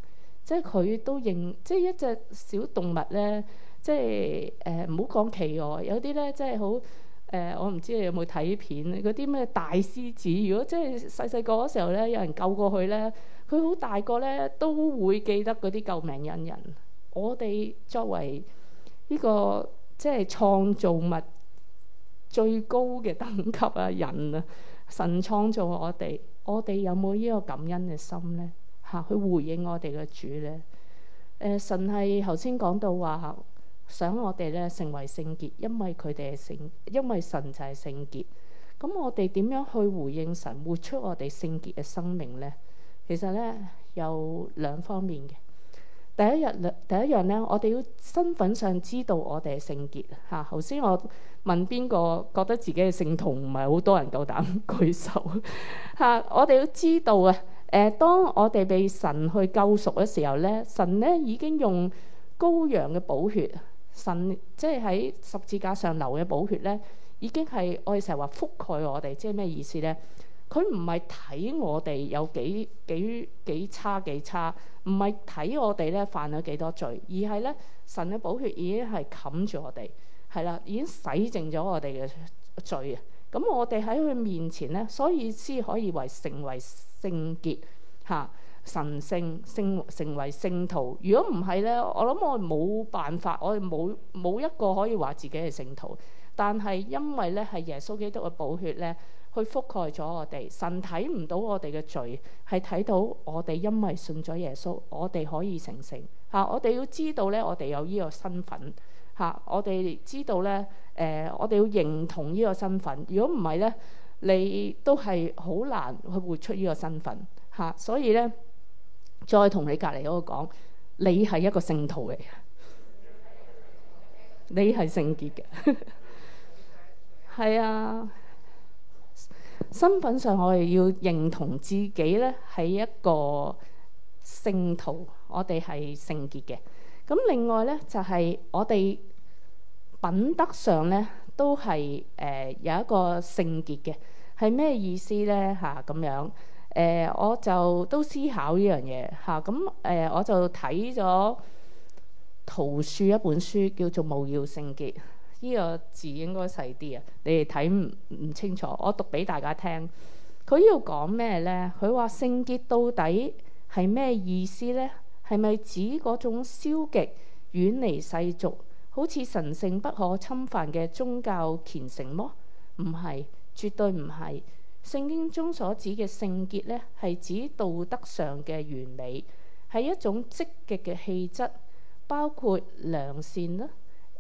Speaker 1: 即係佢都認，即係一隻小動物咧，即係誒唔好講企鵝，有啲咧即係好誒，我唔知你有冇睇片，嗰啲咩大獅子，如果即係細細個嗰時候咧，有人救過佢咧，佢好大個咧都會記得嗰啲救命恩人。我哋作為呢個即係創造物最高嘅等級啊，人啊，神創造我哋。我哋有冇呢個感恩嘅心呢？吓，去回應我哋嘅主呢？呃、神係頭先講到話，想我哋咧成為聖潔，因為佢哋係聖，因為神就係聖潔。咁、嗯、我哋點樣去回應神，活出我哋聖潔嘅生命呢？其實呢，有兩方面嘅。第一日第一樣咧，我哋要身份上知道我哋係聖潔嚇。頭、啊、先我問邊個覺得自己嘅聖徒，唔係好多人夠膽舉手嚇、啊。我哋要知道啊，誒、呃，當我哋被神去救贖嘅時候咧，神咧已經用羔羊嘅寶血，神即係喺十字架上流嘅寶血咧，已經係我哋成日話覆蓋我哋，即係咩意思咧？佢唔係睇我哋有幾幾幾差幾差，唔係睇我哋咧犯咗幾多罪，而係咧神嘅寶血已經係冚住我哋，係啦，已經洗淨咗我哋嘅罪啊！咁我哋喺佢面前咧，所以先可以為成為聖潔嚇、啊，神聖聖成為聖徒。如果唔係咧，我諗我冇辦法，我冇冇一個可以話自己係聖徒。但係因為咧係耶穌基督嘅寶血咧。去覆蓋咗我哋，神睇唔到我哋嘅罪，係睇到我哋因為信咗耶穌，我哋可以成聖。嚇、啊，我哋要知道咧，我哋有呢個身份。嚇、啊，我哋知道咧，誒、呃，我哋要認同呢個身份。如果唔係咧，你都係好難去活出呢個身份。嚇、啊，所以咧，再同你隔籬嗰個講，你係一個聖徒嚟嘅，你係聖潔嘅，係 [LAUGHS] [LAUGHS] 啊。身份上我哋要認同自己咧，係一個聖徒，我哋係聖潔嘅。咁另外咧，就係我哋品德上咧，都係誒有一個聖潔嘅。係咩意思咧？嚇，咁樣誒，我就都思考呢樣嘢嚇。咁誒，我就睇咗圖書一本書叫做《無要聖潔》。呢個字應該細啲啊！你哋睇唔唔清楚，我讀俾大家聽。佢要講咩呢？佢話聖潔到底係咩意思呢？係咪指嗰種消極遠離世俗，好似神聖不可侵犯嘅宗教虔誠麼？唔係，絕對唔係。聖經中所指嘅聖潔呢，係指道德上嘅完美，係一種積極嘅氣質，包括良善啦。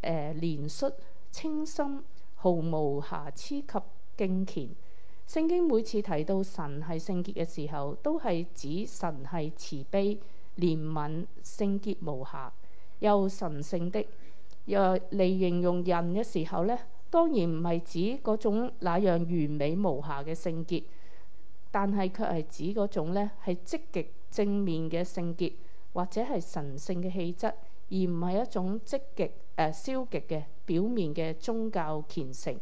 Speaker 1: 誒，廉潔清心，毫無瑕疵及敬虔。聖經每次提到神係聖潔嘅時候，都係指神係慈悲、憐憫、聖潔無瑕，又神聖的。又嚟形容人嘅時候呢，當然唔係指嗰種那樣完美無瑕嘅聖潔，但係卻係指嗰種呢係積極正面嘅聖潔，或者係神聖嘅氣質。而唔係一種積極誒、消極嘅表面嘅宗教虔誠。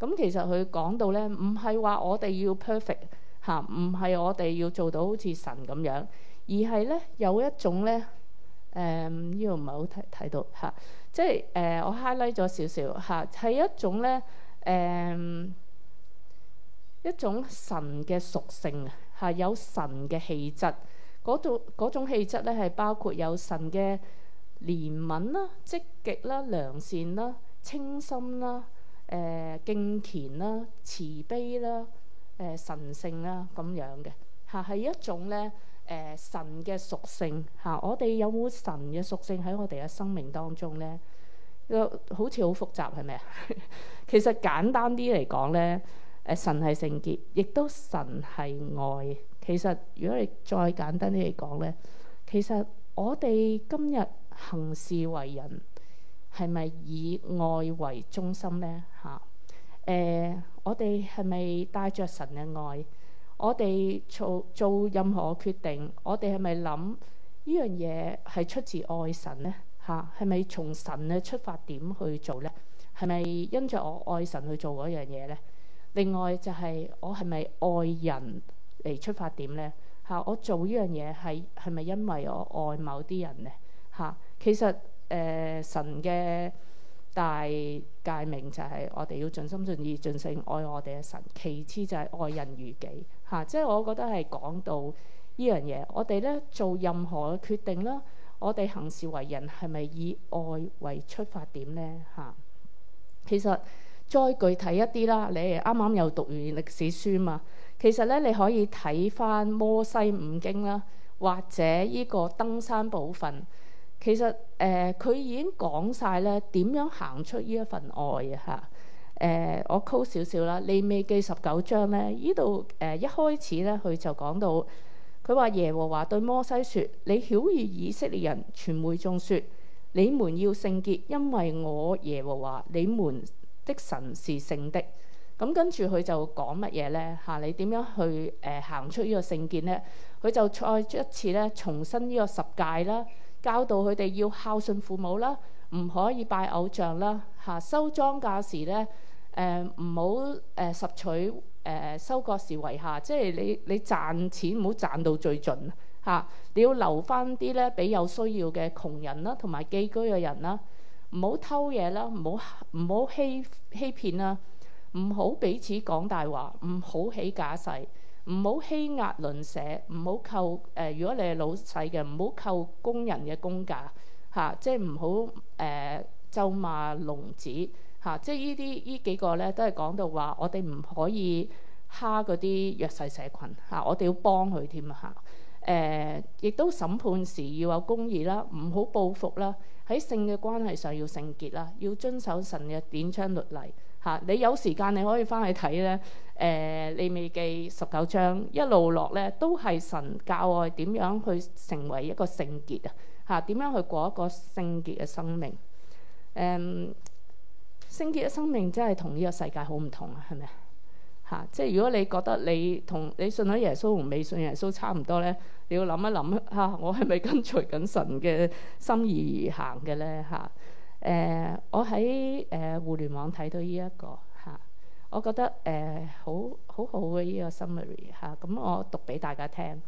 Speaker 1: 咁、嗯、其實佢講到呢，唔係話我哋要 perfect 嚇、啊，唔係我哋要做到好似神咁樣，而係呢，有一種呢，誒、嗯、呢、這個唔係好睇睇到嚇、啊，即係誒、呃、我 highlight 咗少少嚇係、啊、一種呢，誒、嗯、一種神嘅屬性嚇、啊，有神嘅氣質嗰種嗰種氣質呢係包括有神嘅。憐憫啦、啊，積極啦、啊，良善啦、啊，清心啦、啊，誒、呃、敬虔啦、啊，慈悲啦、啊，誒、呃、神性啦、啊，咁樣嘅嚇係一種咧誒、呃、神嘅屬性嚇、啊。我哋有冇神嘅屬性喺我哋嘅生命當中咧？好似好複雜，係咪啊？ [LAUGHS] 其實簡單啲嚟講咧，誒神係聖潔，亦都神係愛。其實如果你再簡單啲嚟講咧，其實我哋今日，行事為人係咪以愛為中心呢？嚇、啊，誒、呃，我哋係咪帶着神嘅愛？我哋做做任何決定，我哋係咪諗呢樣嘢係出自愛神呢？嚇、啊，係咪從神嘅出發點去做呢？係咪因着我愛神去做嗰樣嘢呢？另外就係、是、我係咪愛人嚟出發點呢？嚇、啊，我做呢樣嘢係係咪因為我愛某啲人呢？嚇，其實誒、呃、神嘅大誡命就係我哋要盡心盡意盡性愛我哋嘅神，其次就係愛人如己，嚇、啊。即係我覺得係講到呢樣嘢，我哋咧做任何決定啦，我哋行事為人係咪以愛為出發點呢？嚇、啊，其實再具體一啲啦，你啱啱又讀完歷史書嘛，其實咧你可以睇返摩西五經啦，或者呢個登山部分。其實誒，佢、呃、已經講晒，咧點樣行出呢一份愛啊！嚇誒，我 call 少少啦。利未記十九章咧？呢度誒一開始咧，佢就講到佢話耶和華對摩西説：你曉喻以色列人全會眾説，你們要聖潔，因為我耶和華你們的神是聖的。咁、嗯、跟住佢就講乜嘢咧嚇？你點樣去誒、呃、行出個聖潔呢個聖潔咧？佢就再一次咧重申呢個十戒啦。教導佢哋要孝順父母啦，唔可以拜偶像啦，嚇，收莊稼時咧，誒唔好誒拾取誒、呃、收割時遺下，即係你你賺錢唔好賺到最盡嚇，你要留翻啲咧俾有需要嘅窮人啦，同埋寄居嘅人啦，唔好偷嘢啦，唔好唔好欺欺騙啦，唔好彼此講大話，唔好起假誓。唔好欺壓鄰舍，唔好扣誒、呃，如果你係老細嘅，唔好扣工人嘅工價，嚇、啊，即係唔好誒咒罵聾子，嚇、啊，即係呢啲呢幾個咧，都係講到話，我哋唔可以蝦嗰啲弱勢社群，嚇、啊，我哋要幫佢添啊，誒、啊，亦都審判時要有公義啦，唔好報復啦，喺性嘅關係上要聖潔啦，要遵守神嘅典章律例。嚇、啊！你有時間你可以翻去睇咧。誒、呃，利未記十九章一路落咧，都係神教我點樣去成為一個聖潔啊！嚇，點樣去過一個聖潔嘅生命？誒、嗯，聖潔嘅生命真係同呢個世界好唔同是啊！係咪啊？嚇！即係如果你覺得你同你信咗耶穌同未信耶穌差唔多咧，你要諗一諗嚇、啊，我係咪跟隨緊神嘅心意而行嘅咧？嚇、啊！誒、呃，我喺誒、呃、互聯網睇到呢、這、一個嚇、啊，我覺得誒、呃、好，好好好嘅呢個 summary 嚇、啊。咁、嗯、我讀俾大家聽。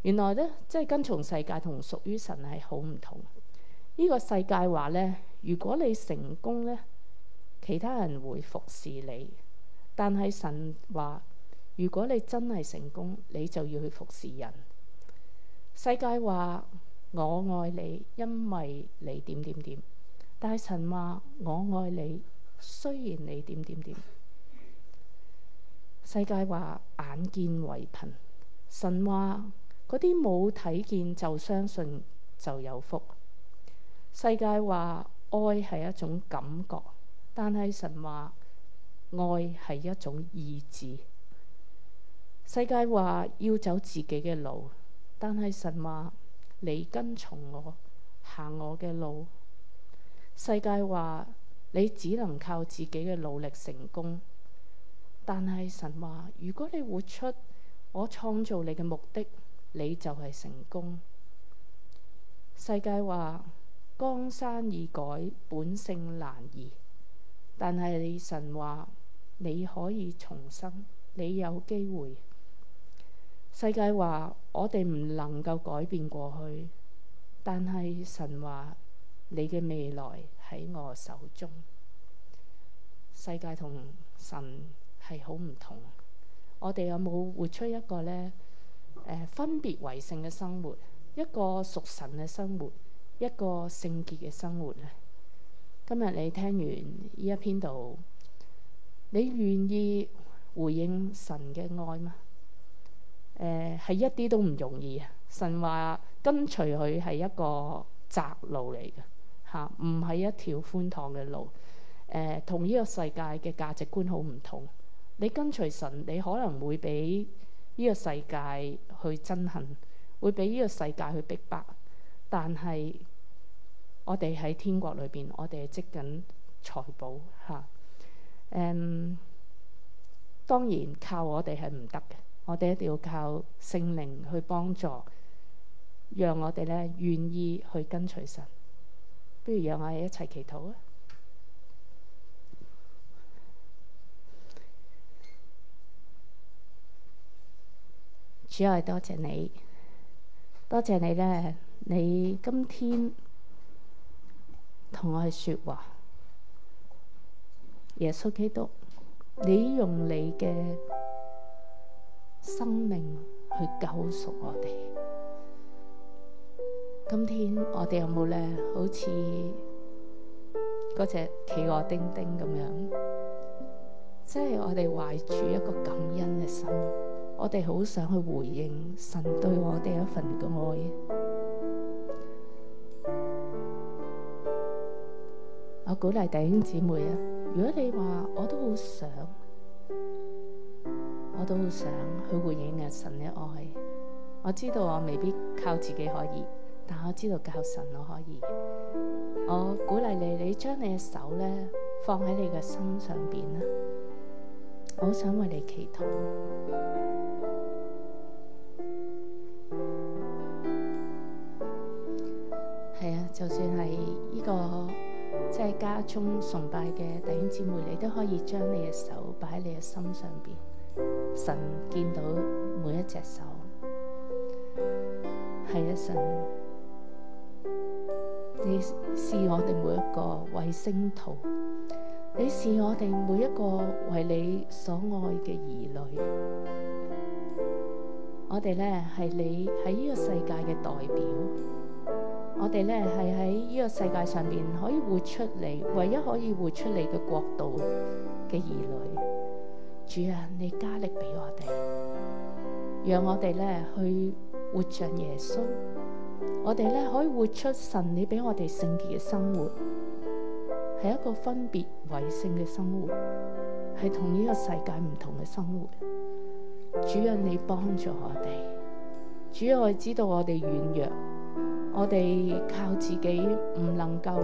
Speaker 1: 原來呢，即係跟從世界同屬於神係好唔同。呢、這個世界話呢，如果你成功呢，其他人會服侍你。但係神話，如果你真係成功，你就要去服侍人。世界話，我愛你，因為你點點點。大神話：我愛你，雖然你點點點。世界話，眼見為憑，神話，嗰啲冇睇見就相信就有福。世界話，愛係一種感覺，但係神話，愛係一種意志。世界話，要走自己嘅路，但係神話，你跟從我，行我嘅路。世界話你只能靠自己嘅努力成功，但係神話，如果你活出我創造你嘅目的，你就係成功。世界話江山易改，本性難移，但係神話你可以重生，你有機會。世界話我哋唔能夠改變過去，但係神話。你嘅未來喺我手中。世界同神係好唔同。我哋有冇活出一個呢？誒，分別為聖嘅生活，一個屬神嘅生活，一個聖潔嘅生活呢？今日你聽完呢一篇道，你願意回應神嘅愛嗎？誒，係一啲都唔容易啊！神話跟隨佢係一個窄路嚟嘅。嚇，唔係、啊、一條寬敞嘅路。誒、呃，同呢個世界嘅價值觀好唔同。你跟隨神，你可能會俾呢個世界去憎恨，會俾呢個世界去逼迫。但係我哋喺天國裏邊，我哋積緊財寶嚇。誒、啊嗯，當然靠我哋係唔得嘅，我哋一定要靠聖靈去幫助，讓我哋咧願意去跟隨神。不如讓我哋一齊祈禱啊！主，我哋多謝你，多謝你咧，你今天同我哋說話，耶穌基督，你用你嘅生命去救贖我哋。今天我哋有冇咧？好似嗰隻企鵝丁丁咁樣，即係我哋懷住一個感恩嘅心，我哋好想去回應神對我哋一份嘅愛。我鼓勵弟兄姊妹啊，如果你話我都好想，我都好想去回應啊神嘅愛。我知道我未必靠自己可以。但我知道，敎神我可以，我鼓勵你，你將你嘅手咧放喺你嘅心上邊啦。我想為你祈禱。係啊，就算係呢個即係家中崇拜嘅弟兄姊妹，你都可以將你嘅手擺喺你嘅心上邊。神見到每一隻手，係啊，神。你是我哋每一個為聖徒，你是我哋每一個為你所愛嘅兒女，我哋咧係你喺呢個世界嘅代表，我哋咧係喺呢個世界上邊可以活出你，唯一可以活出你嘅國度嘅兒女，主啊，你加力俾我哋，讓我哋咧去活著耶穌。我哋咧可以活出神你俾我哋聖潔嘅生活，係一個分別為聖嘅生活，係同呢個世界唔同嘅生活。主啊，你幫助我哋。主，我知道我哋軟弱，我哋靠自己唔能夠。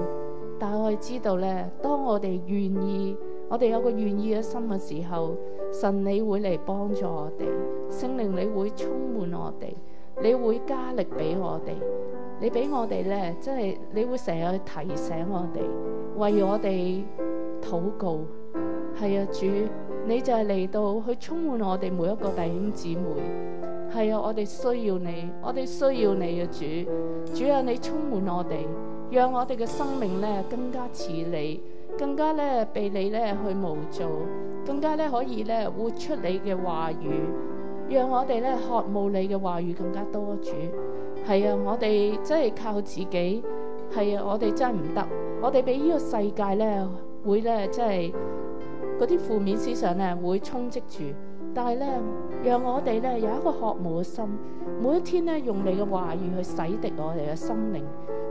Speaker 1: 但我哋知道咧，當我哋願意，我哋有個願意嘅心嘅時候，神你會嚟幫助我哋，聖靈你會充滿我哋，你會加力俾我哋。你畀我哋呢，真係你會成日去提醒我哋，為我哋禱告。是啊，主，你就是嚟到去充滿我哋每一個弟兄姊妹。是啊，我哋需要你，我哋需要你啊。主。主啊，你充滿我哋，讓我哋嘅生命呢更加似你，更加呢被你呢去模造，更加呢可以呢活出你嘅話語，讓我哋呢渴慕你嘅話語更加多，主。係啊，我哋真係靠自己。係啊，我哋真係唔得。我哋俾呢個世界咧，會咧，即係嗰啲負面思想咧，會充斥住。但係咧，讓我哋咧有一個渴慕嘅心，每一天咧用你嘅話語去洗滌我哋嘅心靈，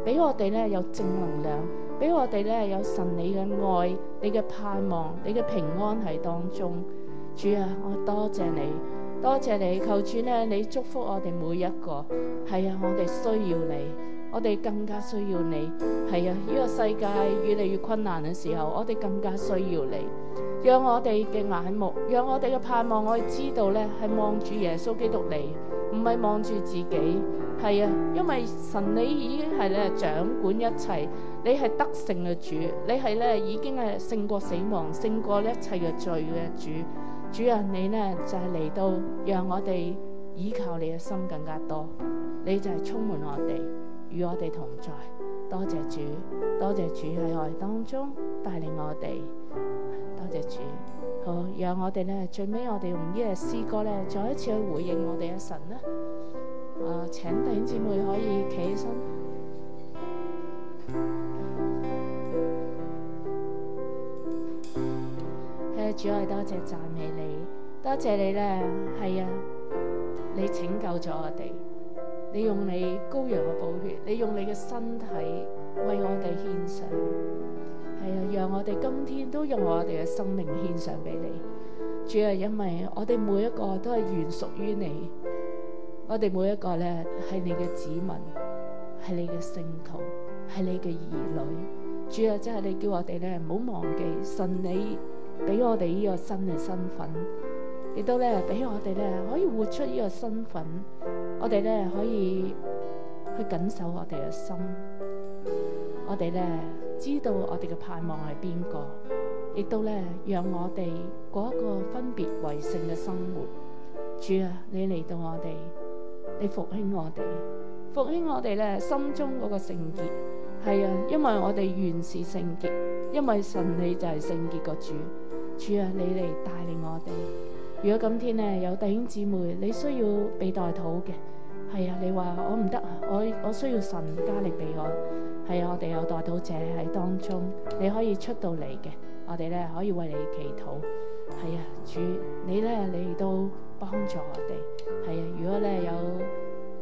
Speaker 1: 俾我哋咧有正能量，俾我哋咧有神你嘅愛、你嘅盼望、你嘅平安喺當中。主啊，我多謝你。多謝你，求主呢你祝福我哋每一個。係啊，我哋需要你，我哋更加需要你。係啊，呢個世界越嚟越困難嘅時候，我哋更加需要你。讓我哋嘅眼目，讓我哋嘅盼望，我哋知道咧係望住耶穌基督你，唔係望住自己。係啊，因為神你已經係咧掌管一切，你係得勝嘅主，你係咧已經係勝過死亡，勝過一切嘅罪嘅主。主人，你呢就係、是、嚟到，讓我哋依靠你嘅心更加多。你就係充滿我哋，與我哋同在。多謝主，多謝主喺愛當中帶領我哋。多謝主，好讓我哋呢，最尾，我哋用呢個詩歌呢，再一次去回應我哋嘅神啦。啊、呃，請弟兄姊妹可以企起身。主啊，多謝讚美你，多謝你咧，係啊，你拯救咗我哋，你用你羔羊嘅寶血，你用你嘅身體為我哋獻上，係啊，讓我哋今天都用我哋嘅生命獻上俾你。主要啊，因為我哋每一個都係原屬於你，我哋每一個咧係你嘅子民，係你嘅聖徒，係你嘅兒女。主要即係你叫我哋咧唔好忘記，信你。俾我哋呢個新嘅身份，亦都咧俾我哋咧可以活出呢個身份。我哋咧可以去緊守我哋嘅心，我哋咧知道我哋嘅盼望係邊個，亦都咧讓我哋過一個分別為聖嘅生活。主啊，你嚟到我哋，你復興我哋，復興我哋咧心中嗰個聖潔。係啊，因為我哋原是聖潔，因為神你就係聖潔嘅主。主啊，你嚟帶領我哋。如果今天咧有弟兄姊妹，你需要被代禱嘅，係啊，你話我唔得啊，我我，我需要神加力俾我。係啊，我哋有代禱者喺當中，你可以出到嚟嘅。我哋咧可以為你祈禱。係啊，主你咧你都幫助我哋。係啊，如果咧有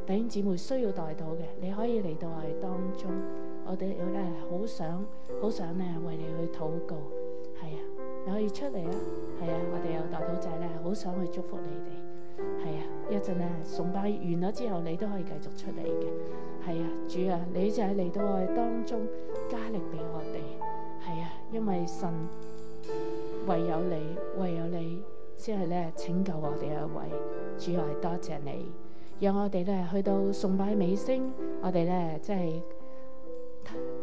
Speaker 1: 弟兄姊妹需要代禱嘅，你可以嚟到我哋當中。我哋咧好想好想咧為你去禱告。係啊。你可以出嚟啊，係啊，我哋有大肚仔咧，好想去祝福你哋，係啊，一陣咧，崇拜完咗之後，你都可以繼續出嚟嘅，係啊，主啊，你就係嚟到我哋當中加力俾我哋，係啊，因為神唯有你，唯有你先係咧拯救我哋一位，主要係多謝你，讓我哋咧去到崇拜尾聲，我哋咧即係。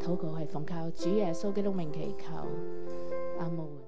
Speaker 1: 禱告係奉靠主耶穌基督名祈求，阿門。